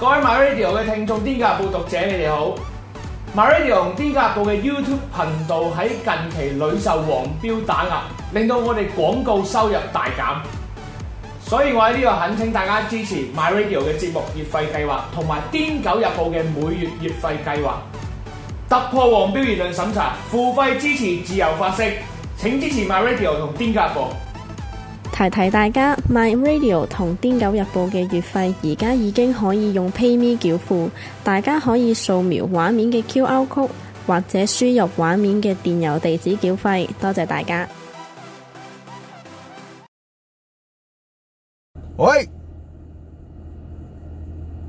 各位 My Radio 嘅聽眾，《癲狗報》讀者，你哋好！My Radio 同《癲狗報》嘅 YouTube 頻道喺近期屢受黃標打壓，令到我哋廣告收入大減。所以我喺呢度懇請大家支持 My Radio 嘅節目月費計劃，同埋《癲狗日報》嘅每月月月費計劃，突破黃標言論審查，付費支持自由發聲，請支持 My Radio 同《癲狗報》。提提大家，My Radio 同《癲狗日報》嘅月費而家已經可以用 PayMe 繳付，大家可以掃描畫面嘅 QR Code 或者輸入畫面嘅電郵地址繳費。多謝大家。喂，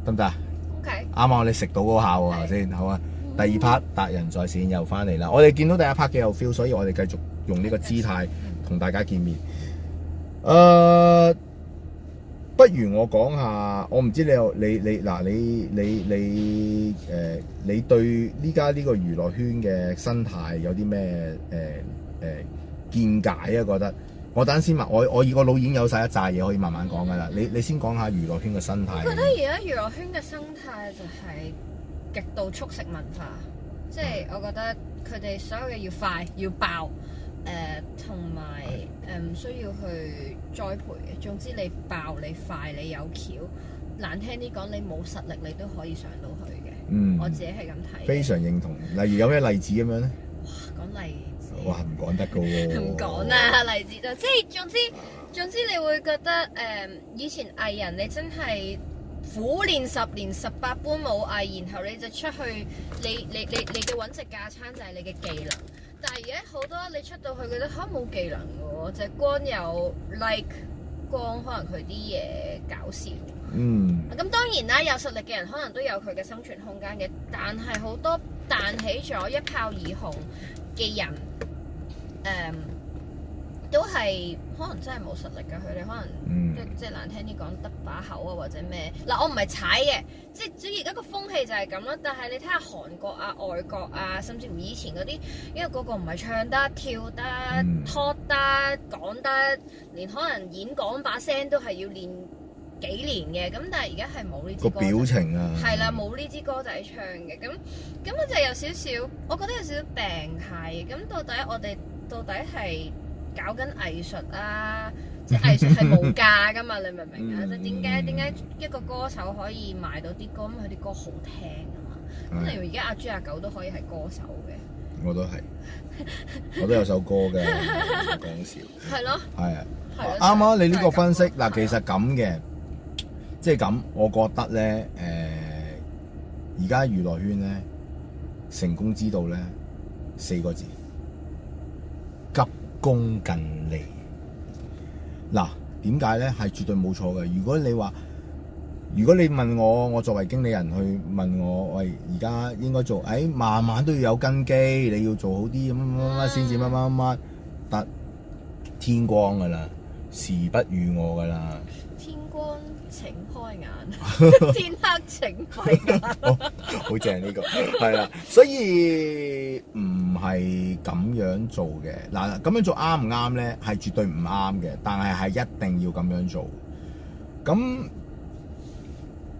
得唔得？OK，啱啱我哋食到嗰下喎，先的？好啊，第二 part 達、嗯、仁在線又翻嚟啦。我哋見到第一 part 嘅有 feel，所以我哋繼續用呢個姿態同大家見面。誒，uh, 不如我講下，我唔知你有你你嗱你你你誒、呃，你對呢家呢個娛樂圈嘅生態有啲咩誒誒見解啊？覺得我等先問，我我以個老演有晒一揸嘢可以慢慢講噶啦。你你先講下娛樂圈嘅生態。我覺得而家娛樂圈嘅生態就係極度速食文化，即係、嗯、我覺得佢哋所有嘢要快要爆。誒，同埋誒，唔、呃、需要去栽培嘅。總之你爆你快你有橋，難聽啲講你冇實力，你都可以上到去嘅。嗯，我自己係咁睇。非常認同。例如有咩例子咁樣咧？哇，講例子。哇，唔講得噶喎。唔講啦，例子就即係總之總之你會覺得誒、呃，以前藝人你真係。苦練十年十八般武藝，然後你就出去，你你你你嘅揾食架撐就係你嘅技能。但係而家好多你出到去覺得嚇冇、啊、技能嘅喎，就係光有 like 光，可能佢啲嘢搞笑。嗯。咁當然啦，有實力嘅人可能都有佢嘅生存空間嘅，但係好多彈起咗一炮而紅嘅人，誒、嗯。都係可能真係冇實力嘅，佢哋可能、嗯、即即難聽啲講得把口啊，或者咩嗱，我唔係踩嘅，即至於而家個風氣就係咁啦。但係你睇下韓國啊、外國啊，甚至以前嗰啲，因為個個唔係唱得、跳得、拖得、嗯、講得，連可能演講把聲都係要練幾年嘅。咁但係而家係冇呢支歌表情啊，係啦，冇呢支歌仔唱嘅。咁咁就有少少，我覺得有少少病喺。咁到底我哋到底係？搞緊藝術啊！即藝術係冇價噶嘛，你明唔明啊？ 嗯、即點解點解一個歌手可以賣到啲歌？咁佢啲歌好聽啊嘛！例的如而家阿豬阿狗都可以係歌手嘅，我都係， 我都有首歌嘅，講， 笑。係咯，係啊，啱啊！你呢個分析嗱，啊、其實咁嘅，即係咁，我覺得咧，誒，而家娛樂圈咧，成功之道咧，四個字，功近利，嗱，點解咧？係絕對冇錯嘅。如果你話，如果你問我，我作為經理人去問我，喂，而家應該做，哎，慢慢都要有根基，你要做好啲乜乜乜先至乜乜乜達天光噶啦。時不與我噶啦，天光請開眼， 天黑請閉眼。好、 oh，好正呢個，係啦，所以唔係咁樣做嘅。嗱，咁樣做啱唔啱咧？係絕對唔啱嘅，但係係一定要咁樣做。咁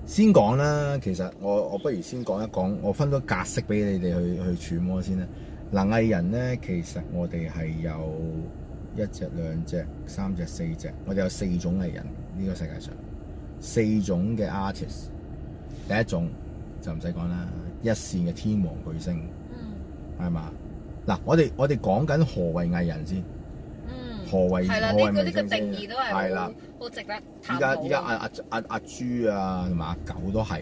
先講啦，其實我我不如先講一講，我分咗格式俾你哋去去揣摩先啦。嗱，藝人咧，其實我哋係有。一隻、兩隻、三隻、四隻，我哋有四種藝人呢個世界上，四種嘅 artist。第一種就唔使講啦，一線嘅天王巨星，係嘛？嗱，我哋我哋講緊何為藝人先？何為天王巨星先？係啦，好值得。而家依家阿阿阿阿豬啊，同埋阿狗都係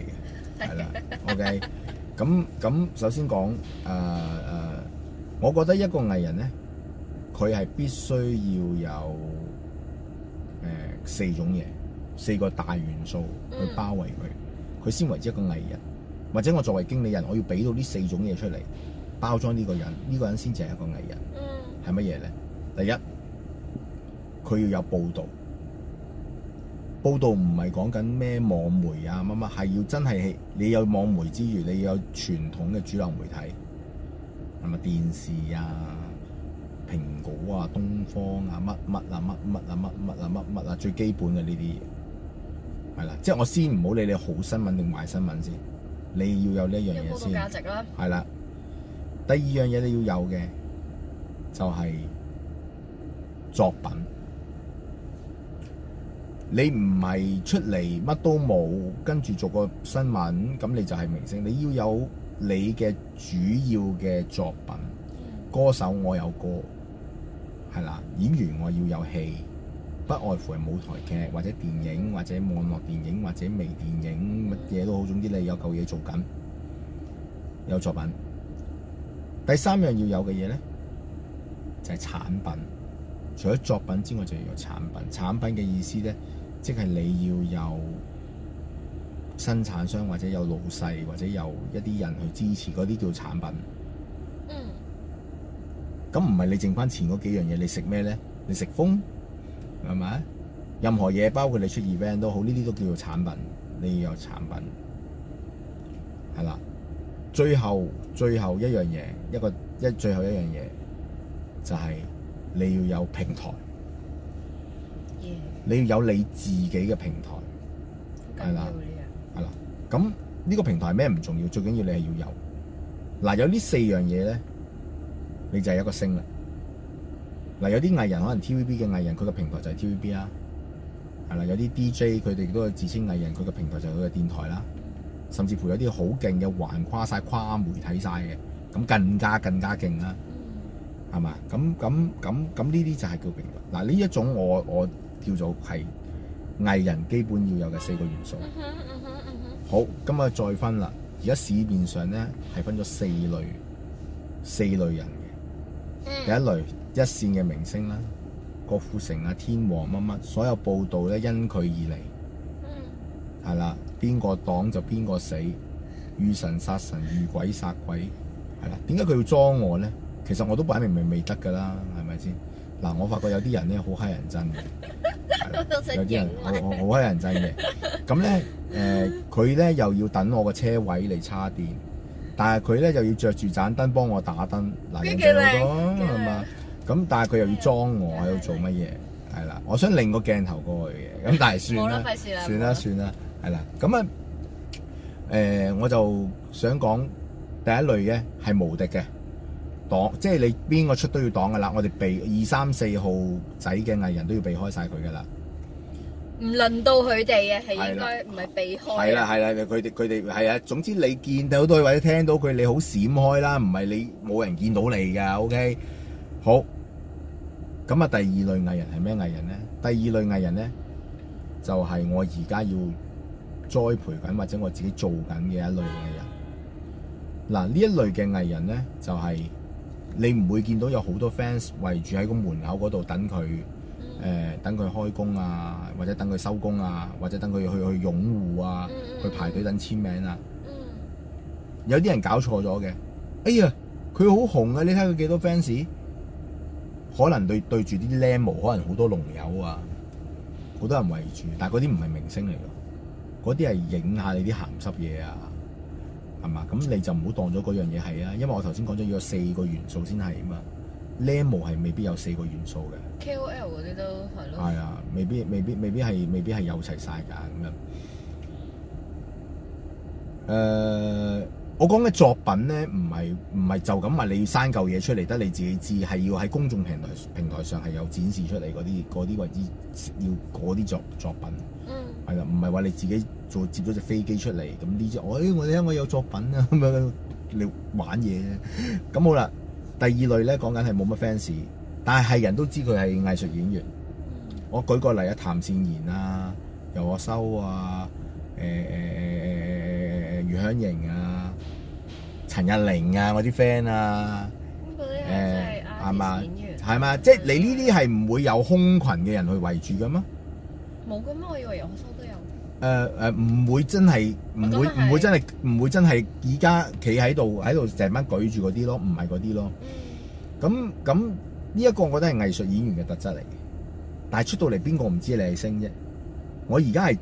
嘅，係啦。O K。咁咁首先講誒誒，我覺得一個藝人咧。佢係必須要有誒、呃、四種嘢，四個大元素去包圍佢，佢、嗯、先為之一個藝人。或者我作為經理人，我要俾到呢四種嘢出嚟包裝呢個人，呢、呢個人先至係一個藝人。係乜嘢咧？第一，佢要有報導。報導唔係講緊咩網媒啊乜乜，係要真係你有網媒之餘，你要有傳統嘅主流媒體，係咪電視啊？蘋果啊、東方啊、乜乜啊、乜乜啊、乜乜啊、乜乜啊，最基本嘅呢啲嘢，係啦，即係我先唔好理你好新聞定壞新聞先，你要有呢一樣嘢先。有報導價值啦。係啦，第二樣嘢你要有嘅就係作品。你唔係出嚟乜都冇，跟住做個新聞，咁你就係明星。你要有你嘅主要嘅作品。歌手我有歌。係啦，演員我要有戲，不外乎係舞台劇或者電影或者網絡電影或者微電影乜嘢都好，總之你有舊嘢做緊，有作品。第三樣要有嘅嘢咧，就係產品。除咗作品之外，就要有產品。產品嘅意思咧，即係你要有生產商或者有老細或者有一啲人去支持嗰啲叫產品。咁唔係你剩翻前嗰幾樣嘢，你食咩咧？你食風係咪？任何嘢包括你出 event 都好，呢啲都叫做產品。你要有產品係啦。最後最後一樣嘢，一個一最後一樣嘢就係、是、你要有平台。Yeah. 你要有你自己嘅平台係啦，係啦 Yeah. 吧。咁呢個平台咩唔重要，最緊要你係要有嗱、啊。有呢四樣嘢咧。你就係一個星啦。嗱，有啲藝人可能 T.V.B. 嘅藝人，佢個平台就係 T.V.B. 啊。係啦，有啲 D.J. 佢哋都自稱藝人，佢個平台就係佢嘅電台啦。甚至乎有啲好勁嘅，橫跨晒、跨媒體晒嘅，咁更加更加勁啦。係咪？咁咁咁咁呢啲就係叫平台嗱。呢一種我我叫做係藝人基本要有嘅四個元素。好，咁啊再分啦。而家市面上咧係分咗四類四類人。第一類一線嘅明星啦，郭富城啊、天王乜乜，所有報道咧因佢而嚟，係啦、嗯，邊個擋，就邊個死，遇神殺神，遇鬼殺鬼，係啦。點解佢要裝我咧？其實我都擺明明未得噶啦，係咪先？嗱，我發覺有啲人咧好乞人憎嘅， 我會有啲人好好乞人憎嘅。咁咧， 誒、呃，佢咧又要等我個車位嚟叉電。但係佢咧又要着住盞燈幫我打燈，嗱，咁，咁係嘛，但係佢又要裝我喺度做乜嘢？係啦，我想擰個鏡頭過去嘅，咁但係算啦，算啦，算啦，係啦，咁啊，誒，我就想講第一類嘅係無敵嘅擋，即係你邊個出都要擋噶啦，我哋避二三四號仔嘅藝人都要避開晒佢噶啦。唔輪到佢哋嘅，係應該唔係避開。係啦，係啦，佢哋佢哋係啊。總之你見到或者聽到佢，你好閃開啦，唔係你冇人見到你㗎。OK，好。咁啊，第二類藝人係咩藝人咧？第二類藝人咧，就係、是、我而家要栽培緊或者我自己做緊嘅一類藝人。嗱，呢一類嘅藝人咧，就係、是、你唔會見到有好多 fans 圍住喺個門口嗰度等佢。誒、欸、等佢開工啊，或者等佢收工啊，或者等佢去去擁護啊，嗯、去排隊等簽名啊。嗯、有啲人搞錯咗嘅，哎呀，佢好紅啊！你睇佢幾多 fans？可能對對住啲僆模，可能好多龍友啊，好多人圍住。但係嗰啲唔係明星嚟㗎，嗰啲係影下你啲鹹濕嘢啊，係嘛？咁你就唔好當咗嗰樣嘢係啊，因為我頭先講咗要有四個元素先係啊嘛。l 呢模係未必有四個元素嘅，K O L 嗰啲都係咯，係啊，未必未必未必係未必係有齊晒㗎咁樣。誒，我講嘅作品咧，唔係唔係就咁話你要生嚿嘢出嚟得你自己知，係要喺公眾平台平台上係有展示出嚟嗰啲嗰啲或者要嗰啲作作品。嗯，係啦，唔係話你自己做接咗隻飛機出嚟，咁呢隻我我香港有作品啊，咁 樣你玩嘢、啊，咁 好啦。第二類咧，講緊係冇乜 fans，但係係人都知佢係藝術演員，我舉個例啊，談善言啊，游學修啊，誒誒誒誒誒，余香凝啊，陳日玲啊，我啲 friend 啊，誒係嘛演員，係嘛，即係你呢啲係唔會有空群嘅人去圍住嘅嗎？冇嘅咩，我以為游學修都有。誒誒，唔、呃、會真係唔會唔會真係唔會真係，而家企喺度喺度成班舉住嗰啲咯，唔係嗰啲咯。咁咁呢一個，我覺得係藝術演員嘅特質嚟嘅。但係出到嚟，邊個唔知你係星啫？我而家係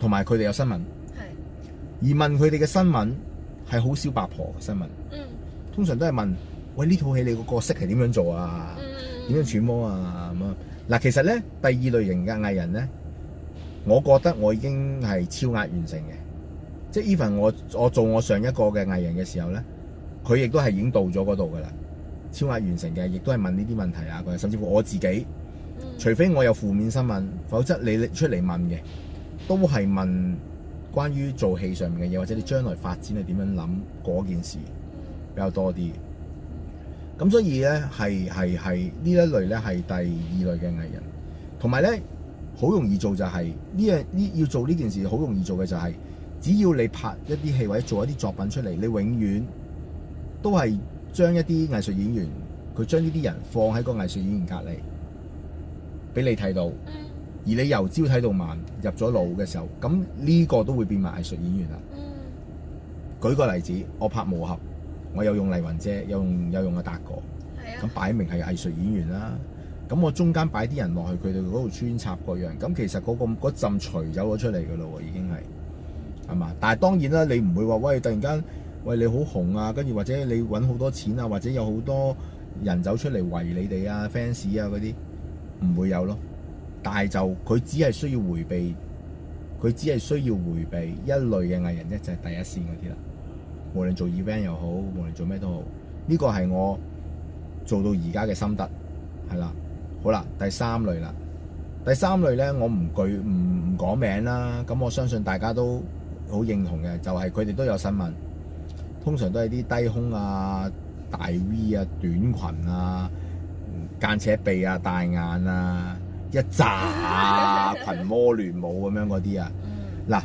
同埋佢哋有新聞，是而問佢哋嘅新聞係好少八婆嘅新聞。新聞嗯，通常都係問：喂，呢套戲你個角色係點樣做啊？點、嗯、樣揣摩啊？咁啊？嗱，其實咧，第二類型嘅藝人咧。我覺得我已經係超額完成嘅，即係 even 我我做我上一個嘅藝人嘅時候咧，佢亦都係已經到咗嗰度㗎喇，超額完成嘅，亦都係問呢啲問題啊，佢甚至乎我自己，除非我有負面新聞，否則你出嚟問嘅都係問關於做戲上面嘅嘢，或者你將來發展係點樣諗嗰件事比較多啲。咁所以咧係係係呢一類咧係第二類嘅藝人，同埋咧。好容易做，就係呢樣呢，要做呢件事好容易做嘅就係、是、只要你拍一啲戲或者做一啲作品出嚟，你永遠都係將一啲藝術演員，佢將呢啲人放喺個藝術演員隔離，俾你睇到。而你由朝睇到晚，入咗腦嘅時候，咁呢個都會變埋藝術演員啦。舉個例子，我拍武俠，我有用黎雲姐，有用又用阿達哥，咁擺明係藝術演員啦。咁我中間擺啲人落去，佢哋嗰度穿插嗰樣，咁其實嗰個嗰陣除咗出嚟嘅咯喎，已經係係嘛？但係當然啦，你唔會話喂，突然間喂你好紅啊，跟住或者你揾好多錢啊，或者有好多人走出嚟圍你哋啊 fans 啊嗰啲，唔會有咯。但係就佢只係需要迴避，佢只係需要迴避一類嘅藝人啫，就係第一線嗰啲啦。無論做 event 又好，無論做咩都好，呢個係我做到而家嘅心得，係啦。好啦，第三類啦，第三類咧，我唔具唔唔講名啦，咁我相信大家都好認同嘅，就係佢哋都有新聞，通常都係啲低胸啊、大 V 啊、短裙啊、間尺鼻啊、大眼啊、一紮群魔亂舞咁樣嗰啲啊，嗱，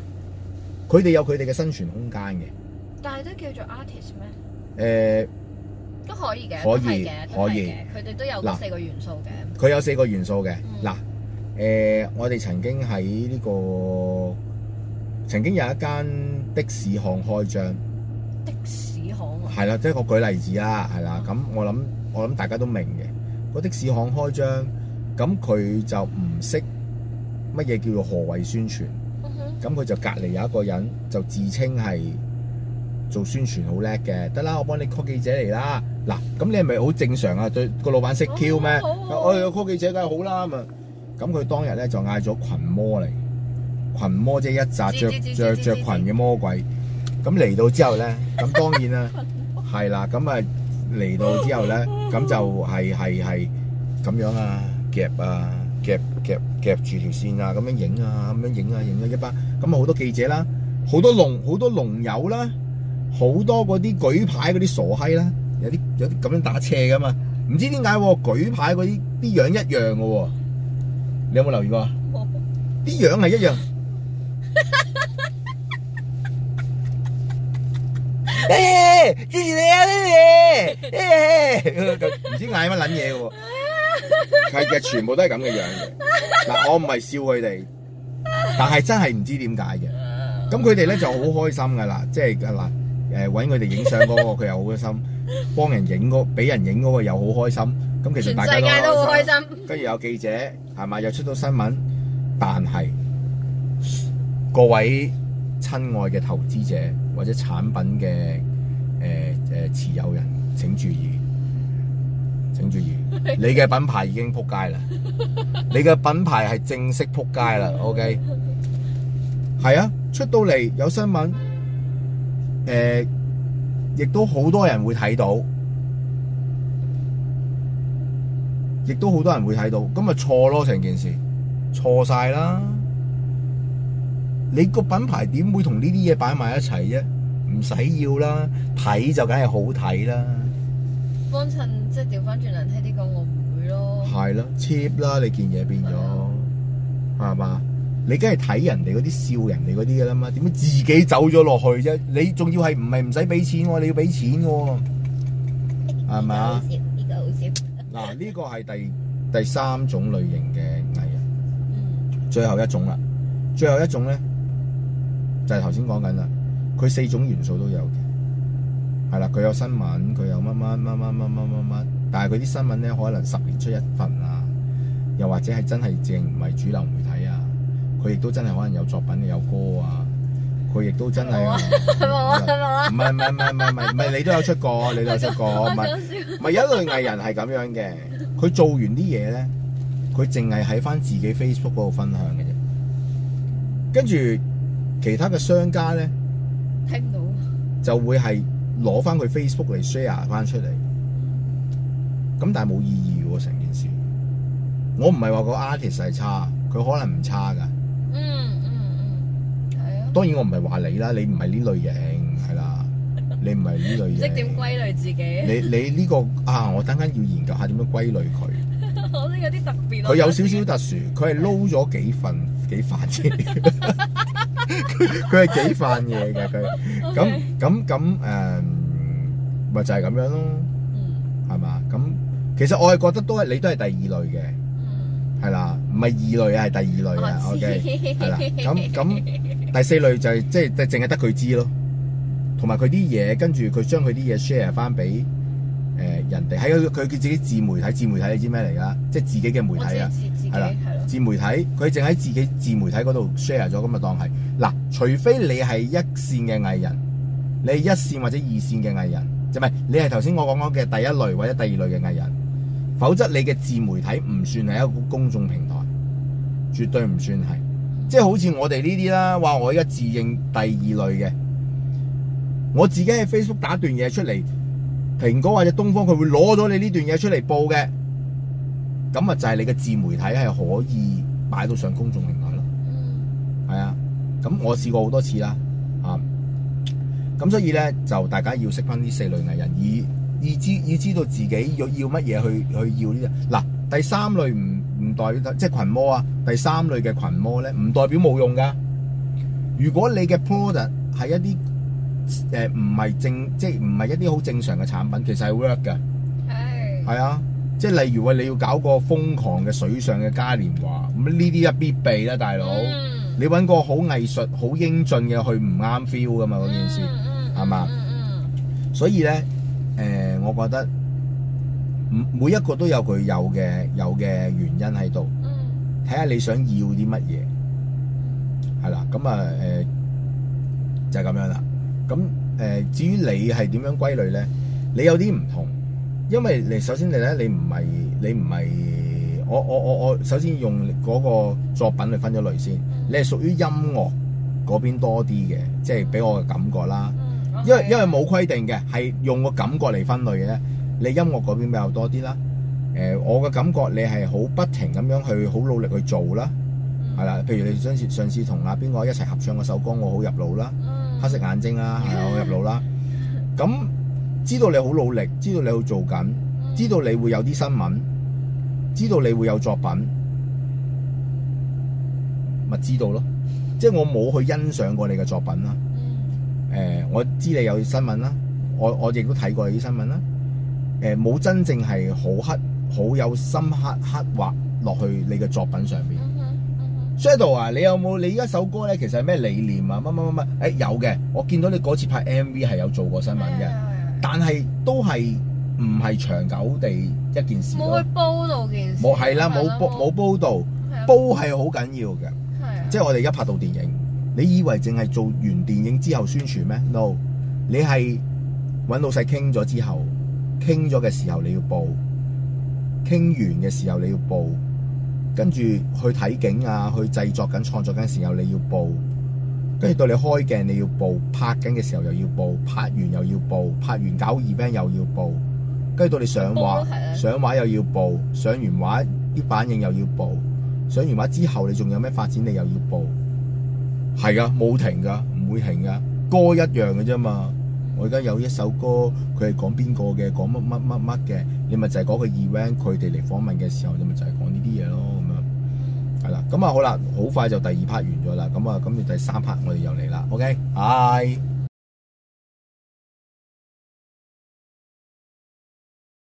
佢哋有佢哋嘅生存空間嘅，但係都叫做 artist 咩、呃？誒。都可以嘅，可以，嘅，可以都係佢哋都有四個元素嘅。佢有四個元素嘅嗱，誒、呃，我哋曾經喺呢、這個曾經有一間的士行開張、嗯、的士行，係啦，即係我舉例子啦，係啦。咁、嗯、我諗我諗大家都明嘅。個的士行開張，咁佢就唔識乜嘢叫做何謂宣傳。咁佢、嗯、哼就隔離有一個人，就自稱係。做宣傳好叻嘅，得啦，我幫你 call 記者嚟啦。嗱，咁你係咪好正常啊？對個老闆識 Q 咩？我哋 call 記者梗係好啦咁啊。咁佢當日咧就嗌咗羣魔嚟，羣魔即係一紮著著著裙嘅魔鬼。咁嚟到之後咧，咁當然啦，係啦。咁啊嚟到之後咧，咁就係係係咁樣啊，夾啊，夾夾夾住條線啊，咁樣影啊，咁樣影啊，影咗一班。咁啊，好多記者啦，好多龍好多龍友啦。好多嗰啲舉牌嗰啲傻閪啦，有啲有啲咁樣打斜噶嘛，唔知點解舉牌嗰啲啲樣一樣噶，你有冇留意過啊？啲樣係一樣。唔知嗌乜捻嘢嘅？係嘅，全部都係咁嘅樣。嗱，我唔係笑佢哋，但係真係唔知點解嘅。咁佢哋咧就好開心噶啦，即係嗱。誒，搵佢哋影相嗰個，佢又好開心；幫人影嗰，俾人影嗰個又好開心。咁其實大家都好開心。跟住有記者，係咪，又出到新聞。但係各位親愛嘅投資者或者產品嘅誒誒持有人，請注意，請注意，你嘅品牌已經扑街啦！你嘅品牌係正式扑街啦。OK，係啊，出到嚟有新聞。誒、呃，亦都好多人會睇到，亦都好多人會睇到，咁咪錯咯，成件事，錯晒啦！你個品牌點會同呢啲嘢擺埋一齊啫？唔使要啦，睇就梗係好睇啦。幫襯即係調翻轉嚟睇啲講，我唔會咯。係咯，cheap 啦，你件嘢變咗係嘛？你梗係睇人哋嗰啲笑人哋嗰啲噶啦嘛？點解自己走咗落去啫？你仲要係唔係唔使俾錢？你要俾錢嘅喎，係咪啊？嗱，呢個係第第三種類型嘅藝人，最後一種啦。最後一種咧就係頭先講緊啦。佢四種元素都有嘅，係啦。佢有新聞，佢有乜乜乜乜乜乜乜乜，但係佢啲新聞咧可能十年出一份啊，又或者係真係正唔係主流媒體。佢亦都真係可能有作品，有歌啊！佢亦都真係，唔係唔係唔係唔係唔係你都有出過，你都有出過，唔係唔係，有一類藝人係咁樣嘅。佢做完啲嘢咧，佢淨係喺翻自己 Facebook 嗰度分享嘅啫。跟住其他嘅商家咧，聽到，就會係攞翻佢 Facebook 嚟 share 翻出嚟。咁但係冇意義喎，成件事。我唔係話個 artist 係差，佢可能唔差噶。嗯嗯嗯，係、嗯、啊、嗯。 當然我唔係話你啦，你唔係呢類型係啦，你唔係呢類型。識點歸類自己？你你呢、這個啊，我等緊要研究下歸 點樣歸類佢。我都有啲特別。佢有少少特殊，佢係撈咗幾份幾飯啫。佢 係幾飯嘢嘅佢，咁咁咁誒，咪 Okay.、呃、就係咁樣咯，係嘛、嗯？咁其實我係覺得都係你都係第二類嘅。係啦，唔係二類啊，係第二類啊，OK，係啦，咁咁第四類就係即係淨係得佢知咯，同埋佢啲嘢，跟住佢將佢啲嘢 share 翻俾誒人哋，喺佢佢叫自己自媒體，自媒體你知咩嚟噶？即係自己嘅媒體啊，係啦，自媒體佢淨喺自己自媒體嗰度 share 咗，咁就當係嗱，除非你係一線嘅藝人，你係一線或者二線嘅藝人，就唔係你係頭先我講講嘅第一類或者第二類嘅藝人。否則你嘅自媒體唔算係一個公眾平台，絕對唔算係。即係好似我哋呢啲啦，哇！我而家自認第二類嘅，我自己喺 Facebook 打段嘢出嚟，蘋果或者東方佢會攞咗你呢段嘢出嚟報嘅，咁啊就係你嘅自媒體係可以擺到上公眾平台咯。嗯，係啊，咁我試過好多次啦，啊，咁所以咧就大家要識返呢四類藝人以。要知以知道自己要要乜嘢去去要呢、這個？嗱，第三類唔唔代表即係群魔啊！第三類嘅群魔咧，唔代表冇用噶。如果你嘅 product 係一啲誒唔係正，即係唔係一啲好正常嘅產品，其實係 work 嘅。係係是啊，即係例如話，你要搞個瘋狂嘅水上嘅嘉年華，咁呢啲一必備啦，大佬。嗯、你揾個好藝術、好英俊嘅去唔啱 feel 噶嘛？嗰件事係嘛、嗯？嗯。嗯嗯所以咧。誒、呃，我覺得每一個都有佢有嘅有嘅原因喺度，睇下你想要啲乜嘢，係啦，咁、呃、啊，誒、呃、就係、是、咁樣啦。咁、呃、誒，至於你係點樣歸類咧，你有啲唔同，因為你首先你咧，你唔係你唔係，我我我我，我我首先用嗰個作品嚟分咗類先，你係屬於音樂嗰邊多啲嘅，即係俾我嘅感覺啦。因為因為冇規定嘅，係用個感覺嚟分類嘅。你音樂嗰邊比較多啲啦。誒、呃，我嘅感覺你係好不停咁樣去好努力去做啦。係啦，譬如你上次上次同阿邊個一齊合唱嗰首歌，我好入腦啦。嗯、黑色眼睛啦，係我 Yeah. 入腦啦。咁知道你好努力，知道你去做緊，知道你會有啲新聞，知道你會有作品，咪知道咯。即、就、係、是、我冇去欣賞過你嘅作品啦。誒，我知你有新聞啦，我我亦都睇過你啲新聞啦。誒，冇真正係好刻，好有深刻刻畫落去你嘅作品上面。嗯嗯、Shadow 啊，你有冇你依家首歌咧？其實係咩理念啊？乜乜乜乜？誒、哎，有嘅，我見到你嗰次拍 MV 係有做過新聞嘅，但係都係唔係長久地一件事。冇去煲到件事。冇係啦，冇煲，冇煲,煲到。的煲係好緊要嘅，的即係我哋而家拍到電影。你以為淨係做完電影之後宣傳咩？No，你係揾老細傾咗之後，傾咗嘅時候你要報，傾完嘅時候你要報，跟住去睇景啊，去製作緊創作緊嘅時候你要報，跟住到你開鏡你要報，拍緊嘅時候又要報，拍完又要報，拍完搞 event 又要報，跟住到你上畫上畫又要報，上完畫啲反應又要報，上完畫之後你仲有咩發展你又要報。係噶，冇停噶，唔會停噶。歌一樣嘅啫嘛。我而家有一首歌，佢係講邊個嘅，e，講乜乜乜乜嘅。你咪就係講個 event，佢哋嚟訪問嘅時候，你咪就係講呢啲嘢咯，咁樣。係啦，咁啊好啦，好快就第二 part 完咗啦。咁啊，咁你第三 part 我哋又嚟啦。OK，拜。